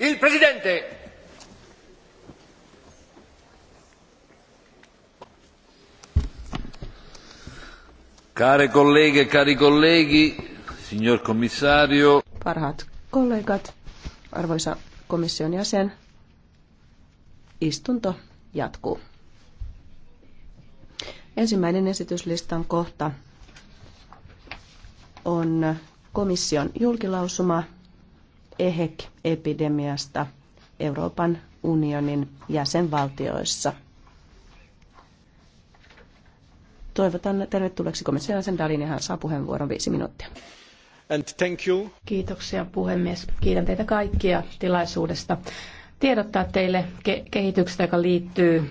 Il Presidente. Care colleghe, e cari colleghi, signor commissario. Parhaat kollegat, arvoisa komission jäsen, istunto jatkuu. Ensimmäinen esityslistan kohta on komission julkilausuma EHEC-epidemiasta Euroopan unionin jäsenvaltioissa. Toivotan tervetulleeksi komission jäsen Dalin ja hän saa puheenvuoron viisi minuuttia. And thank you. Kiitoksia puhemies. Kiitän teitä kaikkia tilaisuudesta tiedottaa teille ke- kehityksestä, joka liittyy